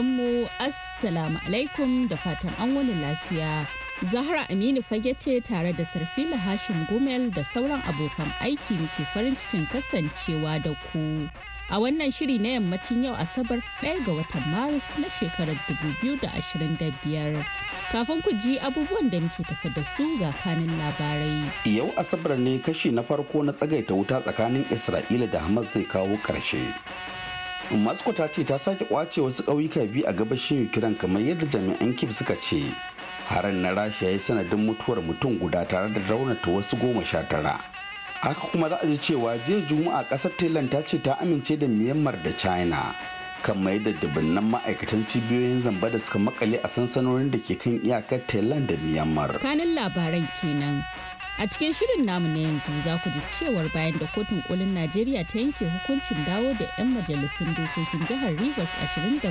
sauraronmu assalamu alaikum da fatan an wani lafiya. Zahra Aminu fage ce tare da Sarfila Hashim Gumel da sauran abokan aiki muke farin cikin kasancewa da ku. A wannan shiri na yammacin yau Asabar ɗaya ga watan Maris na shekarar 2025. Kafin ku ji abubuwan da muke tafi da su ga kanin labarai. Yau Asabar ne kashi na farko na tsagaita wuta tsakanin Isra'ila da Hamas zai kawo ƙarshe. Moscow ta ce ta sake kwace wasu ƙauyuka biyu a gabashin Ukraine kamar yadda jami'an Kiev suka ce. Harin na Rasha ya yi sanadin mutuwar mutum guda tare da raunata wasu goma sha tara. Haka kuma za a ji cewa jiya Juma'a ƙasar Thailand ta ce ta amince da Myanmar da China. kan mai da dubunnan ma'aikatan cibiyoyin zamba da suka makale a sansanonin da ke kan iyakar thailand da myanmar kanin labaran kenan A cikin shirin namu na yanzu za ku ji cewar bayan da kotun kolin Najeriya ta yanke hukuncin dawo da 'yan majalisun dokokin jihar Rivers 27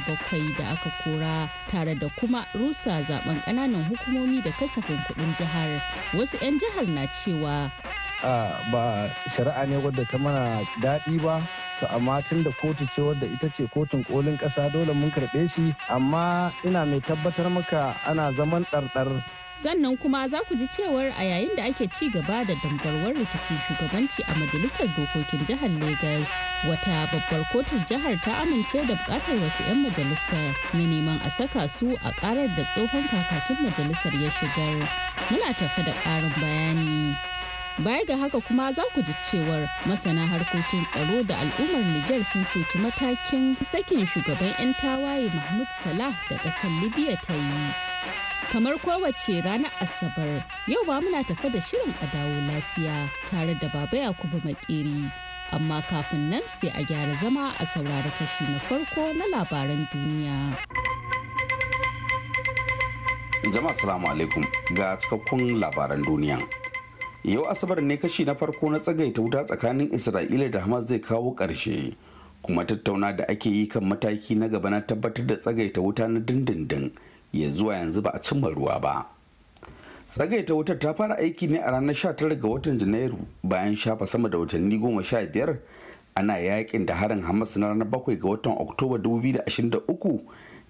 da aka kora tare da kuma rusa zaben kananan hukumomi da kasafin kudin jihar. Wasu 'yan jihar na cewa ba shari'a ne wadda ta mana daɗi ba to amma tun da kotu ce wadda ita ce kotun kolin ƙasa dole mun karɓe shi amma ina mai tabbatar maka ana zaman ɗarɗar sannan kuma za ku ji cewar a yayin da ake ci gaba da dambarwar rikicin shugabanci a majalisar dokokin jihar lagos wata babbar kotun jihar ta amince da bukatar wasu 'yan majalisar na neman a saka su a karar da tsohon kakakin majalisar ya shigar muna tafi da karin bayani baya ga haka kuma za ku ji cewar masana harkokin tsaro da al'ummar Nijar sun soki matakin sakin shugaban 'yan tawaye Mahmud Salah da ƙasar Libya ta yi. Kamar kowace ranar Asabar, yau ba muna tafa da shirin a dawo lafiya tare da Baba Yakubu Makeri. Amma kafin nan sai a gyara zama a saurari kashi na farko na labaran duniya. Jama'a salamu alaikum ga cikakkun labaran duniya. Yau Asabar ne kashi na farko na tsagaita wuta tsakanin Isra'ila da Hamas zai kawo ƙarshe. kuma tattauna da ake yi kan mataki na gaba na tabbatar da tsagaita wuta na dindindin ya zuwa yanzu ba a cimma ruwa ba tsagaita wutar ta fara aiki ne a ranar 19 ga watan janairu bayan shafa sama da watanni 15 ana yakin da harin hamas na ranar 7 ga watan oktoba 2023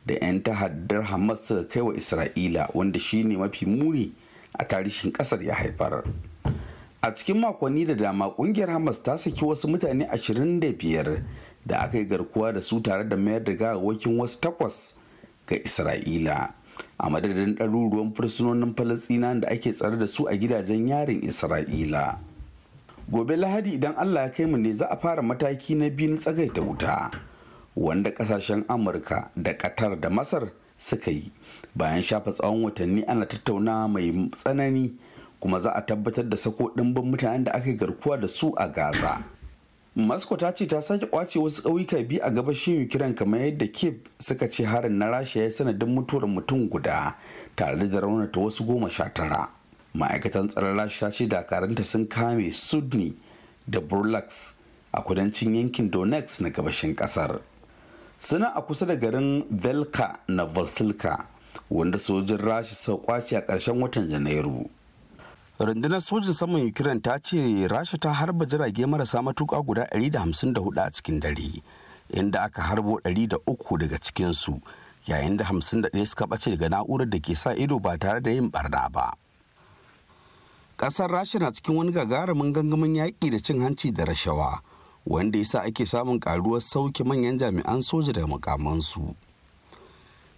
da 'yan tahaddar hamas suka kai wa isra'ila wanda shine mafi muni a tarihin kasar ya haifar a cikin makonni da dama kungiyar hamas ta saki wasu mutane 25 da aka yi garkuwa da su tare da mayar da gagawakin wasu takwas ga isra'ila a madadin ɗaruruwan fursunonin Falasina da ake tsare da su a gidajen yarin isra'ila gobe lahadi idan allah ya kai mu ne za a fara mataki na biyu na tsagaita wuta wanda ƙasashen amurka da qatar da masar suka yi bayan shafa tsawon watanni ana tattauna mai tsanani kuma za a tabbatar da sako ɗimbin mutanen da aka garkuwa da su a gaza Moscow ta ce ta sake kwace wasu ƙauyuka biyu a gabashin Ukraine kamar yadda Kiev suka ce harin na Rasha ya sanadin mutuwar mutum guda tare da ta wasu goma sha tara. Ma'aikatan tsaron Rasha ce dakaranta sun kame Sudni da Burlax a kudancin yankin Donetsk na gabashin kasar. Suna a kusa da garin Velka na Vasilka wanda sojin Rasha suka kwace a ƙarshen watan Janairu. rundunar sojin saman ukraine ta ce rasha ta harba jirage marasa matuka guda 154 a cikin dare inda aka harbo 103 daga cikinsu yayin da 51 suka ɓace daga na'urar da ke sa ido ba tare da yin barna ba ƙasar rasha na cikin wani gagarumin gangamin yaƙi da cin hanci da rashawa wanda ya sa ake samun ƙaruwar sauke manyan jami'an soja daga mukamansu.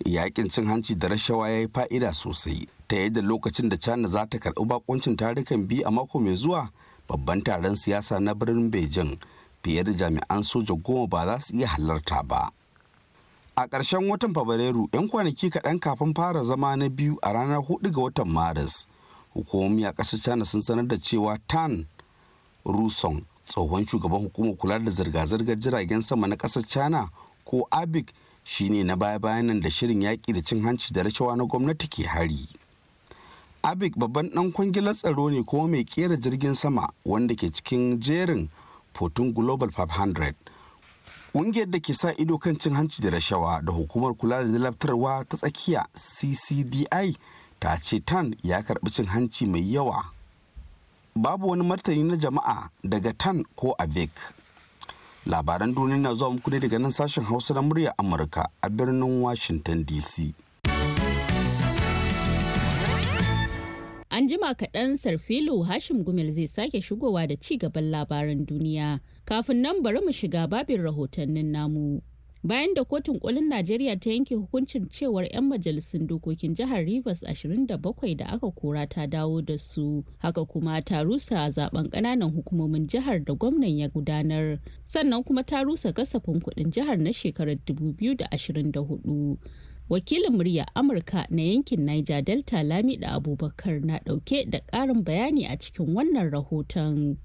yakin cin hanci da rashawa ya yi fa'ida sosai ta yadda lokacin da china za ta karɓi bakuncin tarukan biyu a mako mai zuwa babban taron siyasa na birnin beijing fiye da jami'an soja goma ba za su iya halarta ba a ƙarshen watan fabrairu 'yan kwanaki kaɗan kafin fara zama na biyu a ranar 4 ga watan maris hukumomi a ƙasar china sun sanar da cewa tan rusong tsohon shugaban hukumar kula da zirga-zirgar jiragen sama na ƙasar china ko abic shine na baya-bayan nan da shirin yaƙi da cin hanci da rashawa na gwamnati ke hari abik babban dan kwangilar tsaro ne kuma mai kera jirgin sama wanda ke cikin jerin fotun global 500 ƙungiyar da ke sa ido kan cin hanci da rashawa da hukumar kula da dalabtarwa ta tsakiya ccdi ta ce tan ya karɓi cin hanci mai yawa babu wani martani na jama'a daga tan ko abik labaran duniya na zuwa muku ne daga nan sashen hausa na murya amurka a birnin washington dc an jima kaɗan sarfilu hashim gumel zai sake shigowa da ci gaban labaran duniya kafin nan bari mu shiga babin rahotannin namu bayan da kotun kolin najeriya ta yanke hukuncin cewar 'yan majalisun dokokin jihar rivers 27 da aka kora ta dawo da su haka kuma ta rusa zaben kananan hukumomin jihar da gwamnan ya gudanar sannan kuma ta rusa kasafin kudin jihar na shekarar 2024 wakilin murya amurka na yankin niger delta lamida abubakar na dauke da karin bayani a cikin wannan rahoton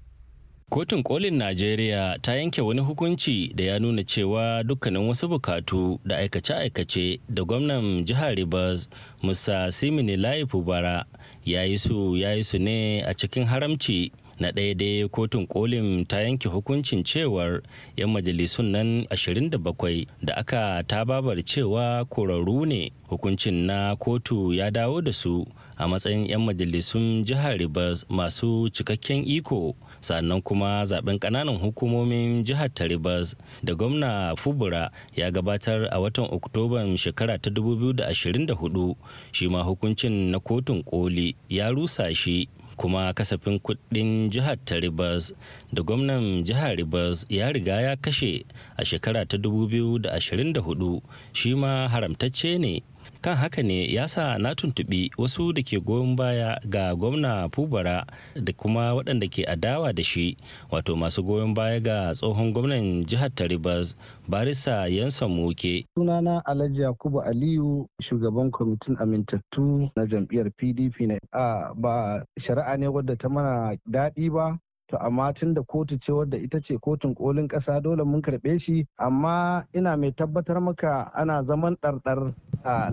Kotun kolin Najeriya ta yanke wani hukunci da ya nuna cewa dukkanin wasu bukatu da aikace-aikace da gwamnan jihar Rivers Musa Simini Laifu Bara ya su ya yi su ne a cikin haramci. na ɗaya dai kotun kolin ta yanke hukuncin cewar 'yan majalisun nan 27 da aka tababar cewa kwararru ne hukuncin na kotu ya dawo da su a matsayin 'yan majalisun jihar ribas masu cikakken iko sannan kuma zaben kananan hukumomin jihar ta ribas da gwamna fubura ya gabatar a watan oktoban shekara ta 2024 shi ma hukuncin na kotun koli ya rusa shi kuma kasafin kuɗin jihar ta Rivers da gwamnan jihar Rivers ya riga ya kashe a shekara ta 2024 shi ma haramtacce ne kan haka ne ya sa na tuntuɓi wasu da ke goyon baya ga gwamna fubara da kuma waɗanda ke adawa da shi wato masu goyon baya ga tsohon gwamnan jihar taribas Barisa yansan muke sunana alhaji yakubu aliyu shugaban kwamitin amintattu na jam'iyyar pdp ne a ba shari'a ne wadda ta mana daɗi ba to amma tun da kotu ce wadda ita ce kotun kolin ƙasa dole mun karɓe shi amma ina mai tabbatar maka ana zaman ɗarɗar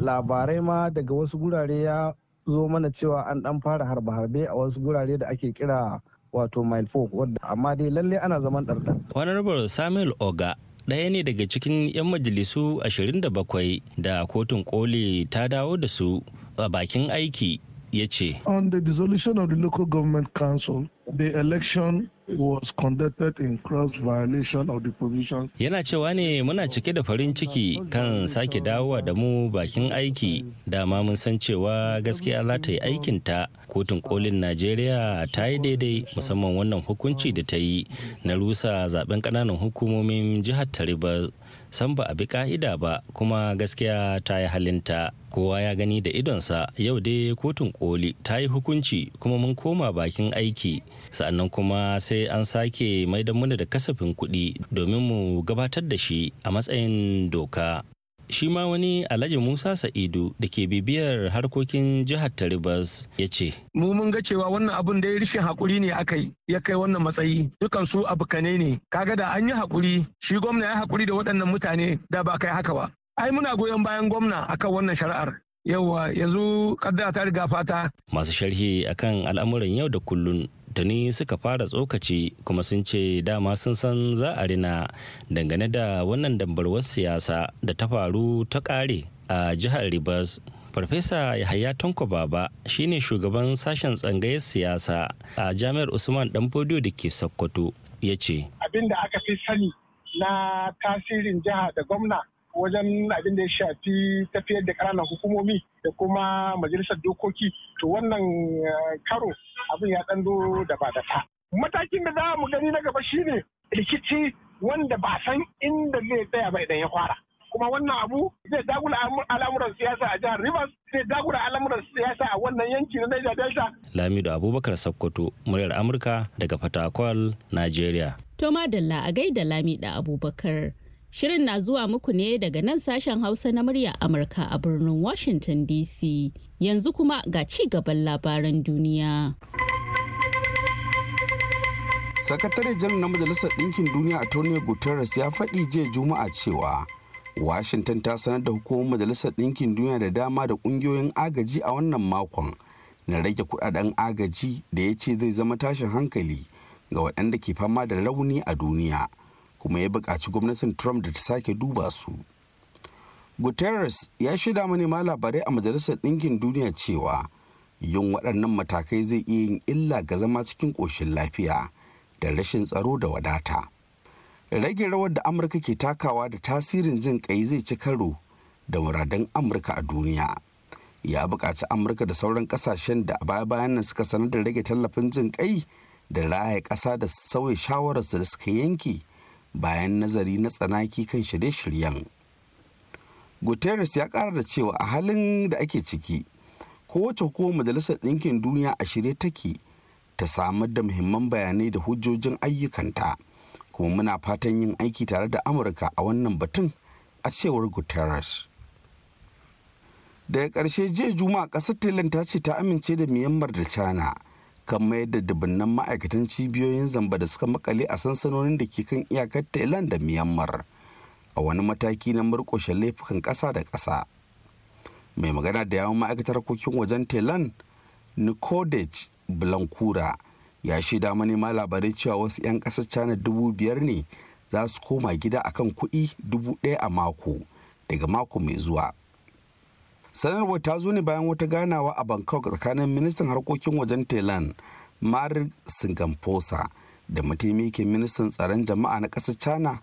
labarai ma daga wasu gurare ya zo mana cewa an ɗan fara harbe-harbe a wasu gurare da ake kira wato mile 4 wadda amma dai lalle ana zaman ɗarɗar. honorable samuel oga ɗaya ne daga cikin 'yan majalisu 27 da kotun koli ta dawo da su a bakin aiki ya ce on the dissolution local government council the election was conducted in cross violation of the provisions. Yana cewa ne muna cike da farin ciki kan sake dawowa da mu bakin aiki dama mun san cewa gaskiya za ta yi aikinta kotun kolin Najeriya ta yi daidai musamman wannan hukunci da ta yi na rusa zaben kananan hukumomin jihar Taribas. san ba a bi ka'ida ba kuma gaskiya ta yi halinta kowa ya gani da idonsa yau dai kotun koli ta yi hukunci kuma mun koma bakin aiki sa'annan kuma sai an sake maidan muna da kasafin kuɗi domin mu gabatar da shi a matsayin doka shi ma wani alhaji musa sa'idu da ke bibiyar harkokin jihar taribas ya ce mu mun ga cewa wannan abun da ya rufe hakuri ne aka yi ya kai wannan matsayi dukan su kane ne kaga da an yi hakuri shi gwamna ya hakuri da waɗannan mutane da ba kai haka ba ai muna goyon bayan gwamna akan wannan shari'ar yawa zo kaddara ta riga fata masu sharhi akan al'amuran yau da kullun tuni suka fara tsokaci kuma sun ce dama sun san za a rina dangane da wannan dambarwar siyasa da ta faru ta kare a jihar Ribas, farfesa yahaya tanko baba shine shugaban sashen tsangayar siyasa a jami'ar usman danfodiyo da ke sokoto ya ce abin da aka fi sani na tasirin jiha da gwamna wajen abin da ya shafi tafiyar da ƙananan hukumomi da kuma majalisar dokoki to wannan eh, karo abin ya ɗan da ba da ta. Matakin da za mu gani na gaba shine rikici wanda ba san inda zai tsaya ba idan ya fara. kuma wannan abu zai dagula al'amuran siyasa a jihar Rivers zai dagula al'amuran siyasa a wannan yanki na Niger Delta. Lamido Abubakar Sakkwato muryar Amurka daga Fatakwal, nigeria. To dalla a gaida Lamido Abubakar. Shirin na zuwa muku ne daga nan sashen Hausa na murya Amurka a birnin Washington DC. Yanzu kuma ga ci gaban labaran duniya. Sakatare janar na Majalisar dinkin Duniya a Tony Guterres ya faɗi jiya Juma'a cewa Washington ta sanar da hukumar Majalisar dinkin Duniya da dama da ƙungiyoyin agaji a wannan makon na rage kudaden agaji da ya ce zai zama tashin hankali ga waɗanda ke fama da rauni a duniya. kuma ya buƙaci gwamnatin trump da ta sake duba su guterres ya shaida manema labarai a majalisar ɗinkin duniya cewa yin waɗannan matakai zai iya yin illa ga zama cikin ƙoshin lafiya da rashin tsaro da wadata rage rawar da amurka ke takawa da tasirin jin ƙai zai ci karo da muradan amurka a duniya ya buƙaci amurka da sauran ƙasashen da a baya bayan nan suka sanar da rage tallafin jin ƙai da raya ƙasa da sauya shawararsu da suka yanke bayan nazari na tsanaki kan shirye-shiryen guterres ya kara da cewa a halin da ake ciki kowace hukumar majalisar ɗinkin duniya a shirye take ta samar da muhimman bayanai da hujjojin ayyukanta kuma muna fatan yin aiki tare da amurka a wannan batun a cewar guterres daga ƙarshe jiya juma'a ƙasar thailand ta ce ta amince da myanmar da china kan mayar da dubunnan ma'aikatan cibiyoyin zamba da suka makale a sansanonin da ke kan iyakar thailand da myanmar a wani mataki na murƙushe laifukan ƙasa da ƙasa mai magana da yawon ma'aikatar harkokin wajen thailand nicodej blankura ya shaida manema labarai cewa wasu 'yan ƙasar china dubu biyar ne za su koma gida akan kuɗi dubu ɗaya a mako daga mako mai zuwa sanarwar ta zo ne bayan wata ganawa a bangkok tsakanin ministan harkokin wajen thailand mar singamposa da mataimakin ministan tsaron jama'a na ƙasar china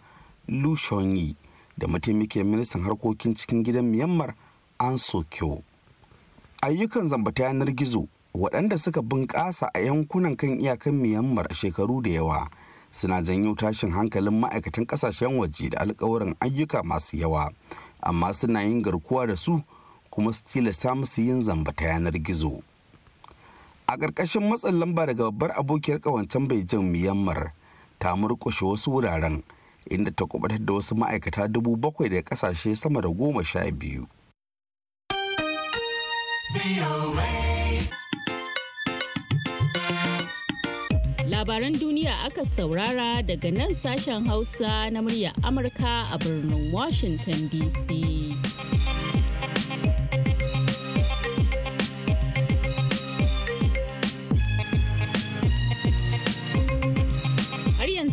lu shonyi da mataimakin ministan harkokin cikin gidan myanmar an sokyo ayyukan zambata yanar gizo waɗanda suka bunƙasa a yankunan kan iyakan myanmar shekaru da yawa suna janyo tashin hankalin ma'aikatan ƙasashen waje da alkawarin ayyuka masu yawa amma suna yin garkuwa da su kuma su tilasta musu yin zamba ta yanar gizo a ƙarƙashin matsin lamba daga babbar abokiyar ƙawancen beijing myanmar ta murƙushe wasu wuraren inda ta kubatar da wasu ma'aikata dubu bakwai daga ƙasashe sama da goma sha biyu labaran duniya aka saurara daga nan sashen hausa na murya amurka a birnin washington dc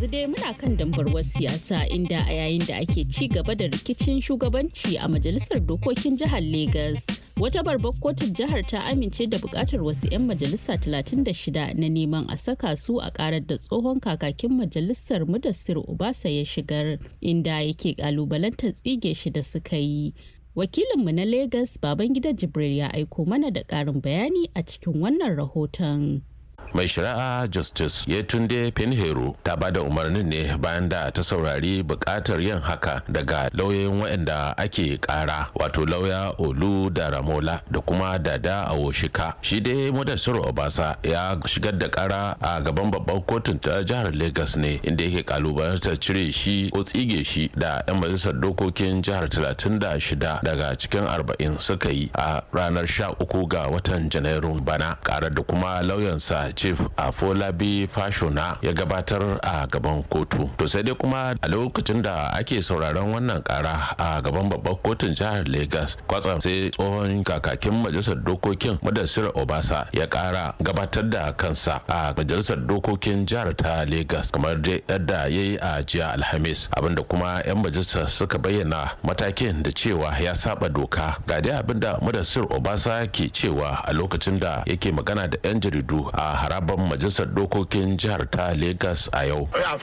dai muna kan dambarwar siyasa inda a yayin da ake ci gaba da rikicin shugabanci a majalisar dokokin jihar Legas. Wata babbar kotun jihar ta amince da bukatar wasu 'yan majalisa 36 na neman a saka su a karar da tsohon kakakin majalisar Mudassir Ubasa ya shigar inda yake kalubalantar tsige shi da suka yi. Wakilinmu na Legas Babangida Jibril ya aiko mana da ƙarin bayani a cikin wannan rahoton. mai shari'a justice yetunde pinheiro ta ba da umarnin ne bayan da ta saurari bukatar yin haka daga lauyoyin waɗanda ake kara wato lauya olu da ramola da kuma dada a woshika shi dai mudassir obasa ya shigar da kara a gaban babban kotun ta jihar Legas ne inda yake kalubalantar cire shi ko tsige shi da 'yan majalisar dokokin jihar talatin da shida daga cikin arba'in suka yi a ranar sha uku ga watan janairun bana karar da kuma lauyansa chief a folabi fashona ya gabatar a gaban kotu to sai dai kuma a lokacin da ake sauraron wannan kara a gaban babban kotun jihar lagos kwatsa sai tsohon kakakin majalisar dokokin madasir obasa ya kara gabatar da kansa a majalisar dokokin jihar ta lagos kamar yadda ya yi a jiya alhamis abinda kuma 'yan majalisar suka bayyana matakin da cewa ya saba doka ga dai abinda madasir obasa ke cewa a lokacin da yake magana da 'yan jaridu a I have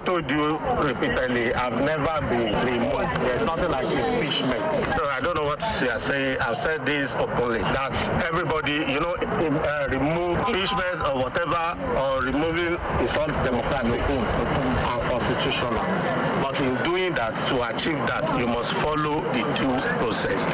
told you repeatedly, I've never been removed. There's nothing like impeachment. So I don't know what you are saying. I've said this openly That's everybody, you know, uh, remove impeachment or whatever or removing It's not democratic and uh, constitutional. But in doing that, to achieve that, you must follow the due process.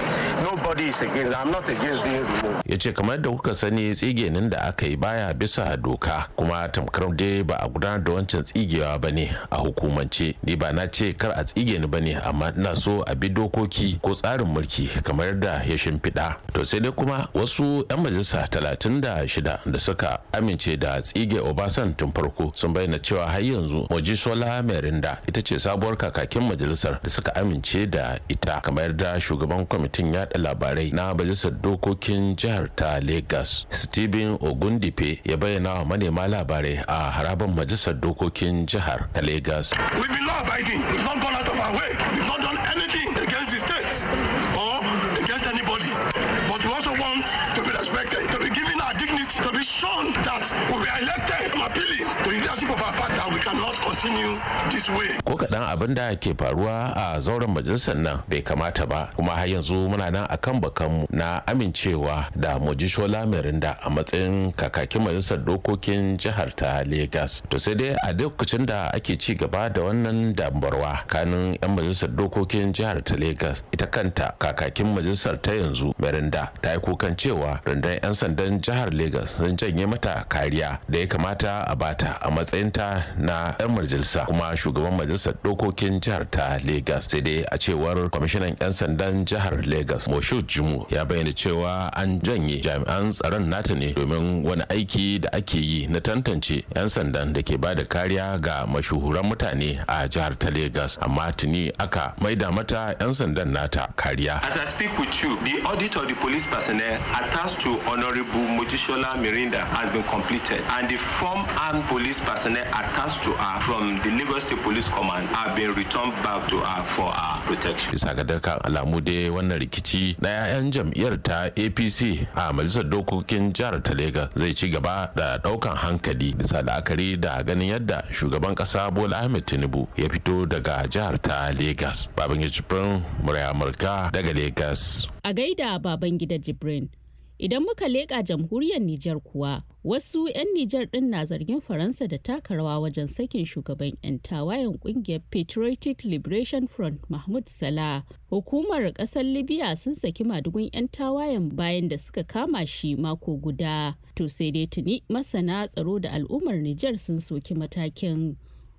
Nobody is against. I'm not against being removed. Ya kamar da kuka sani tsigenin da aka yi baya bisa doka kuma tamkar dai ba a gudanar da wancan tsigewa ba ne a hukumance. Ni ba na ce kar a tsige ni ba ne amma ina so a bi dokoki ko tsarin mulki kamar da ya shimfiɗa. To sai dai kuma wasu 'yan majalisa talatin da shida da suka amince da tsige Obasan tun farko sun bayyana cewa har yanzu Mojisola Merinda ita ce sabuwar sabuwar kakakin majalisar da suka amince da ita kamar da shugaban kwamitin yada labarai na majalisar dokokin jihar ta lagos Stephen Ogundife ya bayyana wa manema labarai a harabar majalisar dokokin jihar ta lagos. ko kaɗan abin da ke faruwa a zauren majalisar nan bai kamata ba kuma har yanzu muna nan a kan bakanmu na amincewa da mojishola mirinda a matsayin kakakin majalisar dokokin jihar ta legas. to sai dai a lokacin da ake ci gaba da wannan dambarwa kanin yan majalisar dokokin jihar ta legas ita kanta kakakin majalisar ta yanzu merinda ta yi kukan cewa rundun yan sandan jihar legas sun janye mata kariya da ya kamata a bata a matsayinta na yan majalisa kuma shugaban majalisar dokokin jihar ta Legas sai dai a cewar kwamishinan 'yan sandan jihar Legas Moshood Jimu ya bayyana cewa an janye jami'an tsaron nata ne domin wani aiki da ake yi na tantance 'yan sandan da ke bada kariya ga mashuhuran mutane a jihar ta Legas amma tuni aka maida mata 'yan sandan nata kariya. As I speak with you, the audit of the police personnel attached to Honorable Mojishola Mirinda has been completed and the form armed police personnel attached to her from from um, the Lagos State Police Command have been returned back to her for her protection. Bisa ga dukkan alamu dai wannan rikici na 'ya'yan jam'iyyar ta APC a majalisar dokokin jihar ta Lagos zai ci gaba da daukan hankali bisa la'akari da ganin yadda shugaban kasa Bola Ahmed Tinubu ya fito daga jihar ta Lagos. Babangida Jibrin, Murya Amurka daga Lagos. A gaida Babangida Jibrin. Idan muka leƙa jamhuriyar Nijar kuwa, wasu 'yan Nijar ɗin na zargin Faransa da taka rawa wajen sakin shugaban 'yan tawayen ƙungiyar Patriotic Liberation Front Mahmud Salah. Hukumar ƙasar Libya sun saki madugun 'yan tawayen bayan da suka kama shi mako guda. To sai dai tuni masana tsaro da al'ummar Nijar sun soki matakin.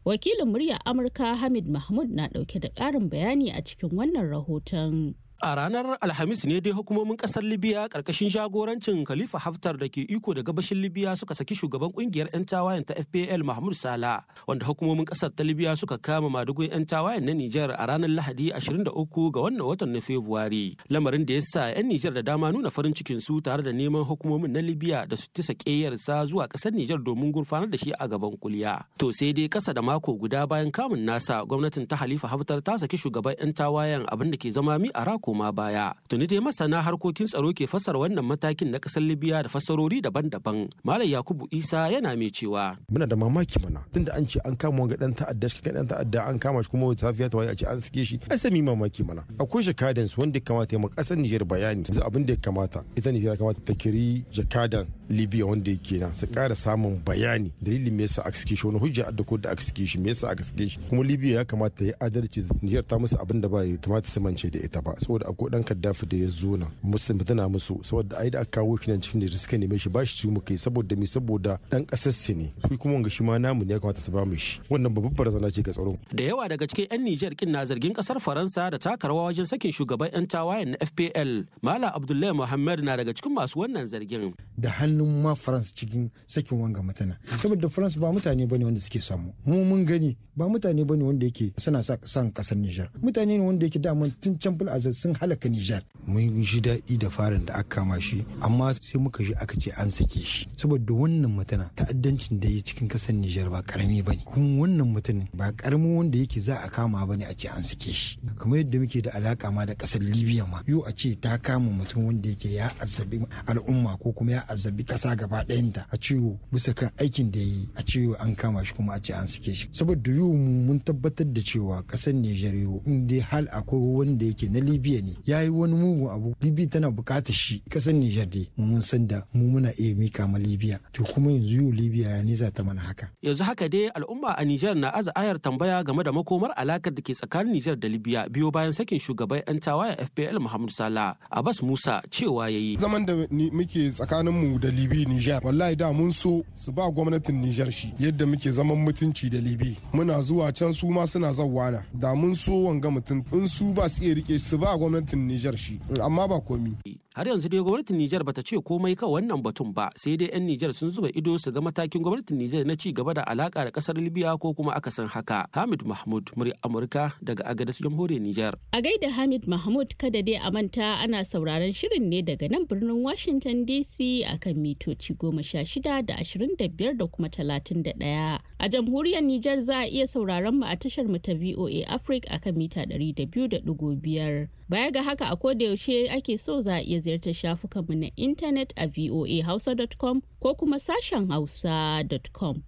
Wakilin murya Amurka Hamid Mahmud na ɗauke da ƙarin bayani a cikin wannan rahoton. A ranar Alhamis ne dai hukumomin kasar Libya karkashin jagorancin Khalifa Haftar da ke iko da gabashin Libya suka saki shugaban kungiyar 'yan tawayen ta FPL Mahmud Sala wanda hukumomin kasar ta Libya suka kama madugun 'yan tawayen na Nijar a ranar Lahadi 23 ga wannan watan na Fabrairu. Lamarin da ya sa 'yan Nijar da dama nuna farin cikin su tare da neman hukumomin na Libya da su tisa ƙeyarsa zuwa kasar Nijar domin gurfanar da shi a gaban kuliya. To sai dai kasa da mako guda bayan kamun nasa gwamnatin ta Khalifa Haftar ta saki shugaban 'yan tawayen abin da ke zama mi a rako koma baya tuni dai masana harkokin tsaro ke fasar wannan matakin na kasar libya da fasarori daban-daban malam yakubu isa yana mai cewa muna da mamaki mana tunda an ce an kama wanga dan ta'adda shi dan ta'adda an kama shi kuma safiya ta waye a ce an sike shi ai sami mamaki mana akwai shakadan wanda ya kamata ya mu kasar Niger bayani abin da ya kamata ita Niger kamata ta kiri jakadan libya wanda ya na su kara samun bayani dalilin me yasa aka sike shi wani hujja da ko da aka sike shi me yasa aka sike shi kuma libya ya kamata ya adalci niyyar ta musu abin da ba ya kamata su mance da ita ba saboda akwai dan kaddafi da ya zo na musu mutuna musu saboda ai da aka kawo shi nan cikin da suka neme shi ba shi ciwo kai saboda me saboda dan kasar su ne shi kuma wanga shi ma namu ne ya kamata su ba mu shi wannan babbar barazana ce ga tsaro da yawa daga cikin yan nijar kin na zargin kasar Faransa da taka rawa wajen sakin shugaban yan tawayen na FPL Mala Abdullahi Muhammad na daga cikin masu wannan zargin da hannu hannun ma france cikin sakin wanga matana saboda france ba mutane bane wanda suke samu mu mun gani ba mutane bane wanda yake suna sa san kasar niger mutane ne wanda yake daman tun can fil sun halaka niger mun ji daɗi da farin da aka kama shi amma sai muka ji aka ce an sake shi saboda wannan matana ta'addancin da yi cikin kasar niger ba karami bane kuma wannan mutumin ba karami wanda yake za a kama bane a ce an sake shi kamar yadda muke da alaka ma da kasar libya ma yau a ce ta kama mutum wanda yake ya azabi al'umma ko kuma ya azabi bi kasa gaba ɗayanta a ciwo bisa kan aikin da ya yi a ciwo an kama shi kuma a ce an sike shi saboda yiwu mu mun tabbatar da cewa kasar Nijar in dai hal akwai wanda yake na Libya ne ya yi wani mugun abu Libya tana bukatar shi kasar Nijar dai mu mun san da mu muna iya mika ma Libya to kuma yanzu yau Libya ya nisa ta mana haka yanzu haka dai al'umma a Nijar na aza ayar tambaya game da makomar alakar da ke tsakanin Nijar da Libya biyo bayan sakin shugaban 'yan tawaya FPL Muhammad Salah Abbas Musa cewa yayi zaman da muke tsakanin mu da libi nijar wallahi da mun so su ba gwamnatin nijar shi yadda muke zaman mutunci da libi muna zuwa can su ma suna wana da mun so wanga mutum in su ba su iya rike su ba gwamnatin nijar shi amma ba komi har yanzu dai gwamnatin Nijar bata ce komai kan wannan batun ba sai dai 'yan Nijar sun zuba ido su ga matakin gwamnatin Nijar na ci gaba da alaka da kasar Libya ko kuma aka san haka. Hamid Mahmud murya Amurka daga agadas jamhuriyar Nijar. A gaida Hamid Mahmud kada dai a manta ana sauraron shirin ne daga nan birnin Washington DC a akan mitoci goma sha shida da ashirin da biyar da kuma talatin da ɗaya. A jamhuriyar Nijar za a iya sauraron mu a tashar mu ta VOA Africa a kan mita ɗari da biyu da ɗigo biyar. Baya ga haka a koda yaushe ake so za a iya ziyartar mu na intanet a voahausa.com ko kuma sashen hausa.com.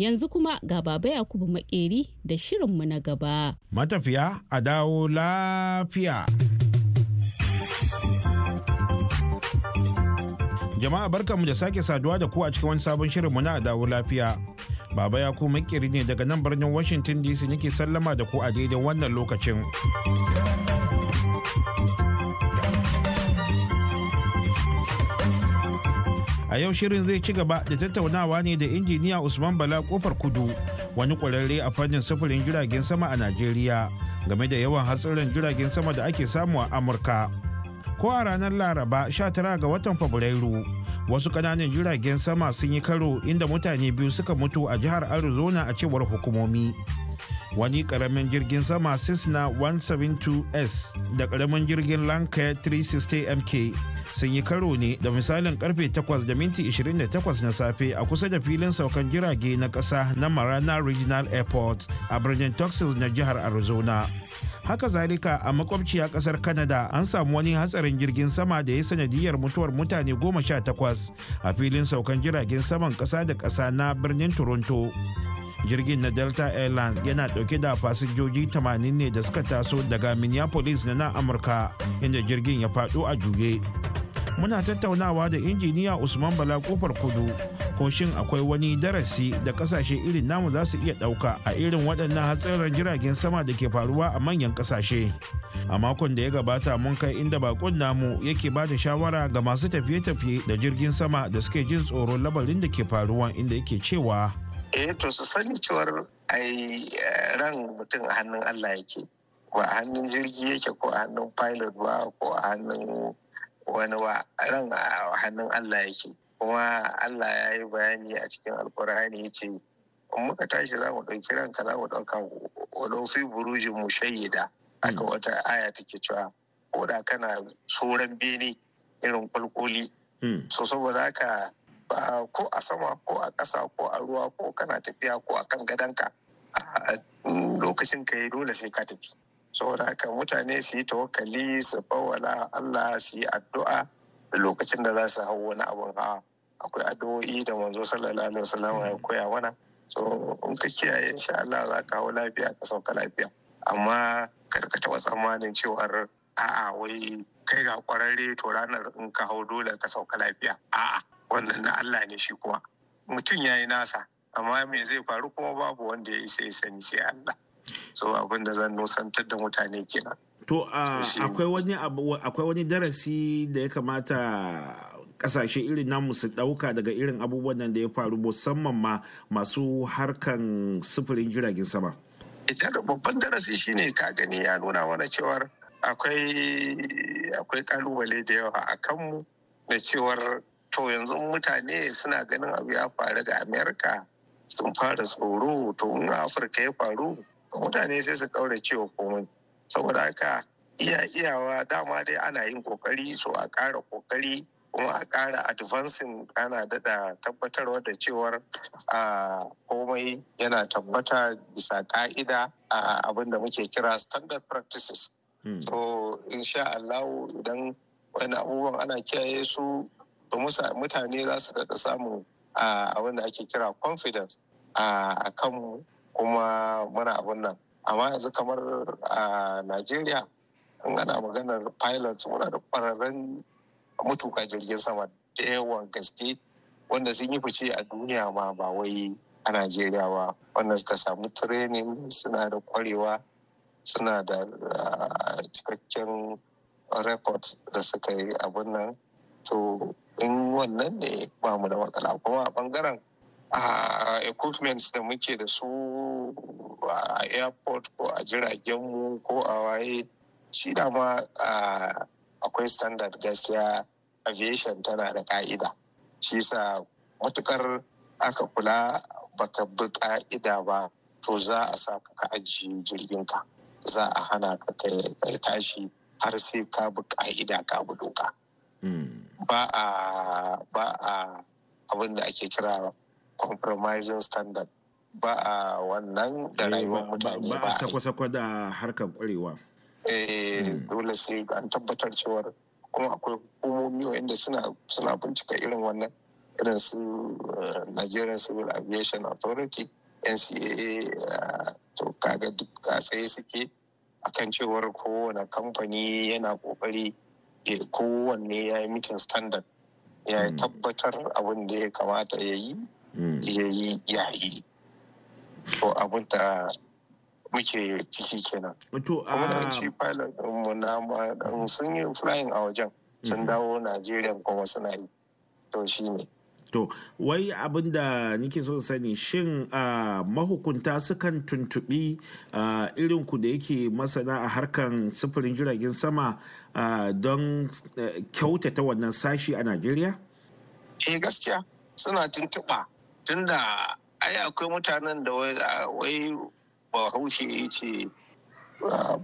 Yanzu kuma ga baba Yakubu makeri da shirinmu na gaba. Matafiya a dawo lafiya. Jama'a mu da sake saduwa da ku a cikin wani sabon shirin mu na dawo lafiya. Baba ya ku makiri ne daga nan birnin Washington DC nake sallama da ku a daidai wannan lokacin. a yau shirin zai ci gaba da tattaunawa ne da injiniya usman bala kofar kudu wani kwararre a fannin sufurin jiragen sama a najeriya game da yawan hatsarin jiragen sama da ake samu a amurka ko a ranar laraba 19 ga watan fabrairu wasu kananan jiragen sama sun yi karo inda mutane biyu suka mutu a jihar arizona a cewar hukumomi wani karamin jirgin sama cessna 172s da karamin jirgin lanka 360mk sun yi karo ne da misalin karfe 8:28 na safe a kusa da filin saukan jirage na kasa na marana regional airport a birnin texas na jihar arizona haka zalika a makwabciya kasar canada an samu wani hatsarin jirgin sama da ya sanadiyar mutuwar mutane goma sha takwas a filin saukan jiragen saman kasa da kasa na birnin toronto jirgin na delta airlines yana dauke da fasinjoji 80 ne da suka taso daga minneapolis na na amurka inda jirgin ya fado a juye muna tattaunawa da injiniya usman bala kofar kudu ko shin akwai wani darasi da kasashe irin namu za su iya ɗauka a irin waɗannan hatsarin jiragen sama da ke faruwa a manyan kasashe a makon da ya gabata mun kai inda bakon namu yake ba da shawara ga masu tafiye-tafiye da jirgin sama da suke jin tsoron labarin da ke faruwa inda yake cewa eh to su sani ai eh, ran mutum a hannun allah yake ba hannun jirgi yake ko hannun pilot ba ko hannun wani ba ran a hannun Allah yake kuma Allah ya yi bayani a cikin alkur'ani ya ce in muka tashi za mu ɗauki ranka za mu ɗauka wadofi burujin mu shayyida aka hmm. wata aya take cewa koda kana tsoron bene irin kwalkoli hmm. so saboda haka ko a sama ko a ƙasa ko a ruwa ko kana tafiya ko a kan gadanka lokacin ka yi dole sai ka tafi saboda haka mutane su yi tawakkali su bawala Allah su yi addu'a lokacin da za su hau wani abun hawa akwai addu'o'i da manzo sallallahu alaihi wasallam ya koya mana so in ka kiyaye insha Allah za ka hau lafiya ka sauka lafiya amma kar ka taɓa tsammanin cewar a'a wai kai ga kwararre to ranar in ka hau dole ka sauka lafiya a'a wannan na Allah ne shi kuma mutum ya yi nasa amma me zai faru kuma babu wanda ya isa ya sani sai Allah so abin da zan nusantar da mutane kenan to akwai wani darasi da ya kamata kasashe irin namu su dauka daga irin abubuwan nan da ya faru musamman ma masu harkan sufurin jiragen sama ita da babban darasi shine ka gani ya nuna mana cewar akwai kalubale da yawa a kanmu da cewar to yanzu mutane suna ganin abu ya faru ga amerika sun fara tsoro to in afirka ya faru mutane sai su kaure cewa komai saboda haka iya iyawa dama dai ana yin kokari so a ƙara kokari kuma a ƙara advancing ana daɗa tabbatarwa da cewar komai yana tabbata bisa ƙa'ida a abin muke kira standard practices hmm. so insha Allah idan wani abubuwan ana kiyaye su mutane za su daɗa samu abin da ake kira confidence a kanmu kuma muna abin nan amma yanzu kamar a najeriya in ana maganar pilot muna da kwararren mutuka jirgin sama da yawan gaske wanda sun yi fice a duniya ma ba wai a najeriya ba wanda suka samu training suna da kwarewa suna da ah, cikakken record da suka yi abin nan to in wannan ne ba mu da matsala kuma a bangaren a equipments da muke da su a airport ko a jiragen mu ko a waye shi dama akwai standard gaskiya aviation tana da ka'ida shi sa matukar aka kula baka bi ka'ida ba to za a sa ka ajiye jirginka za a hana ka kai tashi har sai ka bi ka'ida ka bi doka hmm. ba a abin ake kira compromising standard ba a wannan da eh, rayuwar ba a sako da harkar kwarewa eh, hmm. dole sai an tabbatar cewar kuma akwai hukumomi wanda suna bincika irin wannan irin su eh, Nigerian Civil Aviation Authority NCAA to kaga duk a tsaye suke akan cewar kowane kamfani yana kokari kowanne ya yi mitin standard ya hmm. tabbatar abin da ya kamata ya yi Mm. ya yi yayi to abin da muke ciki kenan to ah. a wadanci pilot mu na sun yi flying a wajen sun mm-hmm. dawo Najeriya kuma suna yi to shine. to wai abin da nike so sani shin ah, mahukunta sukan tuntubi ah, irin ku da yake masana a harkan sufurin jiragen sama don eh, kyautata wannan sashi a najeriya eh gaskiya suna tuntuɓa tunda ai akwai mutanen da wai bahaushe ya ce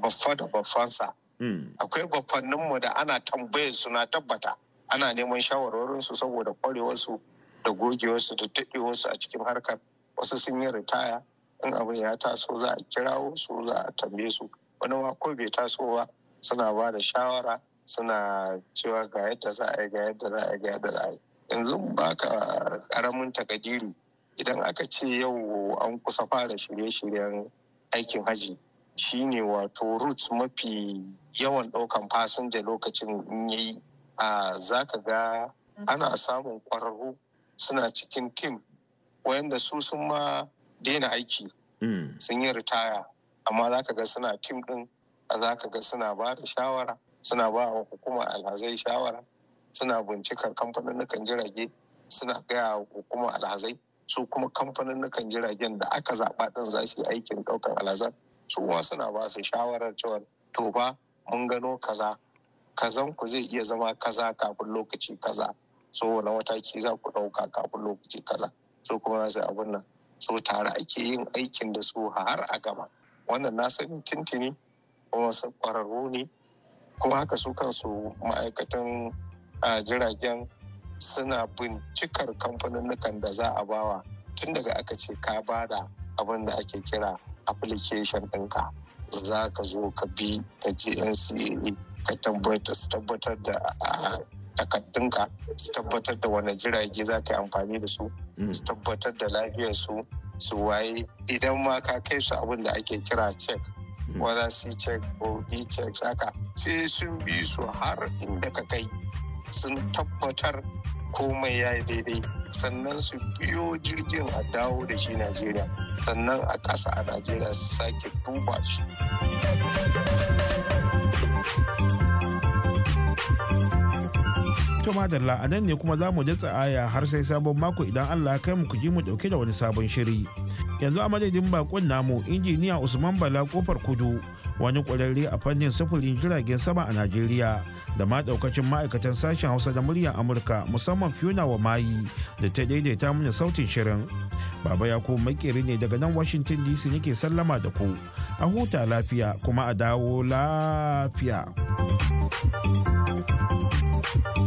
baffa da baffansa hmm. akwai baffanninmu da ana tambayar suna tabbata ana neman shawarwarinsu saboda kwarewarsu da gogewarsu da taɗewarsu a cikin harkar wasu sun yi ritaya in abin ya taso za a kirawo su za a tambaye su wani ma ko bai taso ba suna ba da shawara suna cewa ga yadda za a yi ga yadda za a yi ga yadda za a yi yanzu baka karamin takadiri idan aka ce yau an kusa fara shirye-shiryen aikin haji shine wato route mafi yawan daukan fasinja lokacin yayi a ka ga ana samun kwararru suna cikin tim wayanda su sun ma daina aiki hmm. sun yi ritaya amma za ka ga suna tim din za ka ga suna ba da shawara suna ba wa hukuma alhazai shawara suna bincikar kamfanin jirage suna gaya kuma alhazai su kuma kamfanin jiragen da aka zaɓa ɗin za su yi aikin ɗaukar alhazan su ma suna ba su shawarar cewa to ba mun gano kaza kazan ku zai iya zama kaza kafin lokaci kaza so wani mataki za ku ɗauka kafin lokaci kaza so kuma su abin nan so tare ake yin aikin da su har a gama wannan na sani tintini kuma kwararru ne kuma haka su kansu ma'aikatan a jiragen suna bincikar kamfanin da za a bawa tun daga aka ce ka bada abin da ake kira application ɗinka za ka zo ka bi ka GNCAA ka tabbatar da takardunka su tabbatar da wani jirage za ka yi amfani da su mm. su tabbatar da lafiyar su su waye idan ma ka kai su abin da ake kira check mm. wala c check ko e check haka sai sun bi su har inda ka kai sun tabbatar komai ya yi daidai sannan su biyo jirgin a dawo da shi najeriya sannan a ƙasa a najeriya su sake duba shi kuma da a nan ne kuma za mu datsa aya har sai sabon mako idan Allah kai mu ji mu dauke da wani sabon shiri yanzu a madadin bakon namu injiniya Usman Bala kofar kudu wani kwararre a fannin sufurin jiragen sama a Najeriya da ma daukacin ma'aikatan sashen Hausa da muryar Amurka musamman Fiona wa Mayi da ta daidaita mana sautin shirin baba ya ko makeri ne daga nan Washington DC nake sallama da ku a huta lafiya kuma a dawo lafiya thank you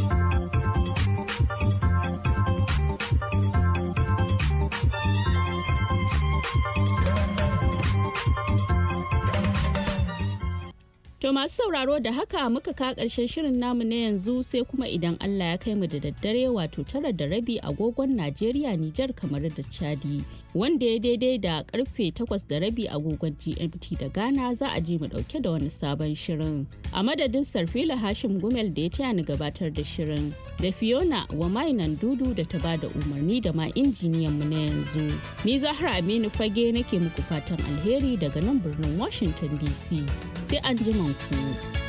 To masu sauraro da haka muka ka ƙarshen shirin namu na yanzu sai kuma idan Allah ya kai mu da daddare wato tara da rabi agogon Najeriya Nijar kamar da Chadi. Wanda ya daidai da karfe takwas da rabi agogon GMT da Ghana za a je mu ɗauke da wani sabon shirin. A madadin Sarfila Hashim Gumel da ya taya ni gabatar da shirin. Da Fiona wa mainan dudu da ta bada umarni da ma injiniyan mu na yanzu. Ni Zahra Aminu Fage nake muku fatan alheri daga nan birnin Washington DC. Sai an jima 嗯。